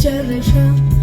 generation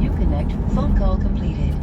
you connect. Phone call completed.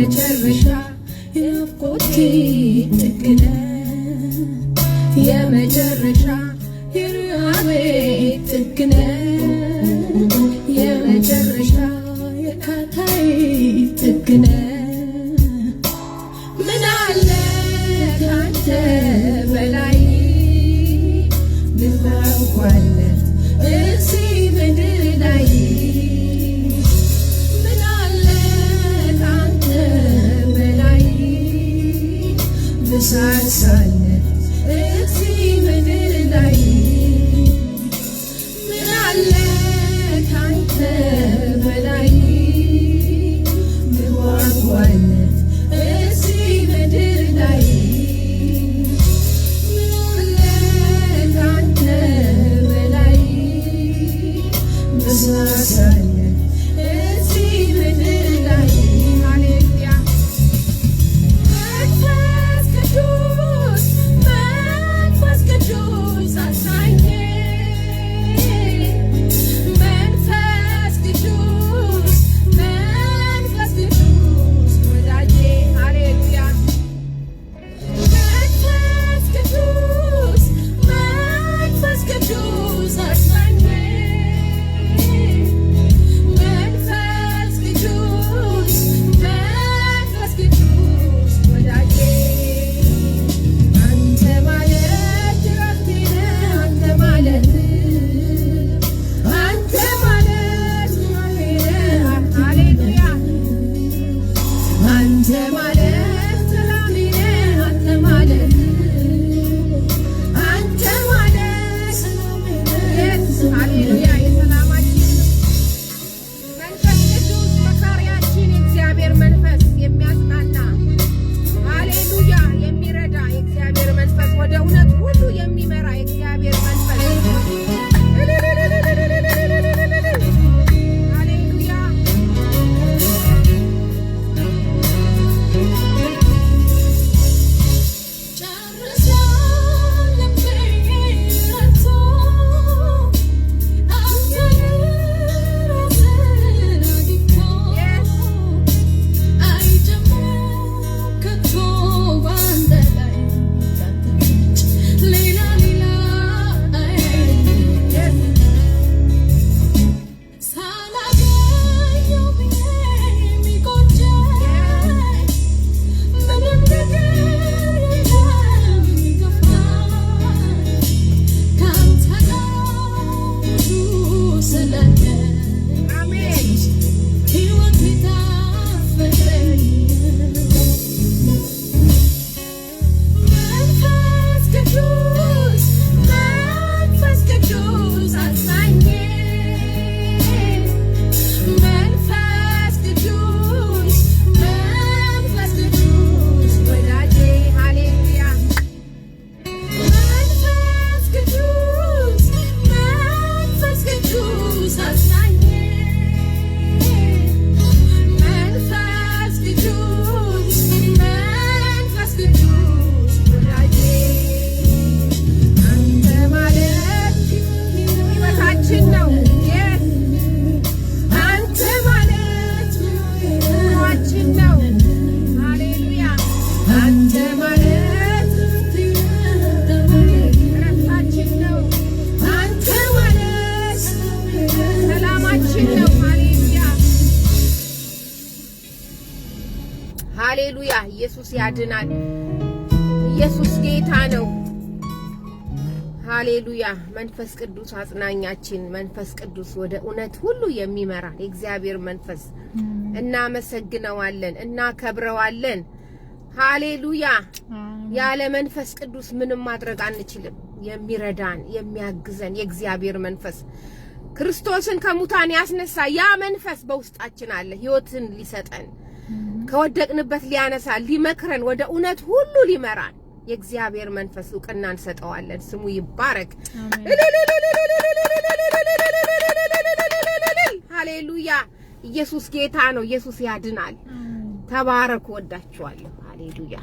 መጨረሻ የናፍቆቴ ጥግ ነህ የመጨረሻ የርሃቤ ጥግ ነህ የመጨረሻ የካታይ ጥግ ነህ ምን አለ ካንተ በላይ ብናውቋለ side, side. ሃሌሉያ! ኢየሱስ ያድናል። ኢየሱስ ጌታ ነው። ሃሌሉያ! መንፈስ ቅዱስ አጽናኛችን፣ መንፈስ ቅዱስ ወደ እውነት ሁሉ የሚመራ የእግዚአብሔር መንፈስ እናመሰግነዋለን፣ እናከብረዋለን። ሃሌሉያ! ያለ መንፈስ ቅዱስ ምንም ማድረግ አንችልም። የሚረዳን የሚያግዘን የእግዚአብሔር መንፈስ ክርስቶስን ከሙታን ያስነሳ ያ መንፈስ በውስጣችን አለ፣ ህይወትን ሊሰጠን ከወደቅንበት ሊያነሳን፣ ሊመክረን፣ ወደ እውነት ሁሉ ሊመራን የእግዚአብሔር መንፈስ እውቅና እንሰጠዋለን። ስሙ ይባረክ። ሃሌሉያ። ኢየሱስ ጌታ ነው። ኢየሱስ ያድናል። ተባረኩ። ወዳችኋለሁ። ሃሌሉያ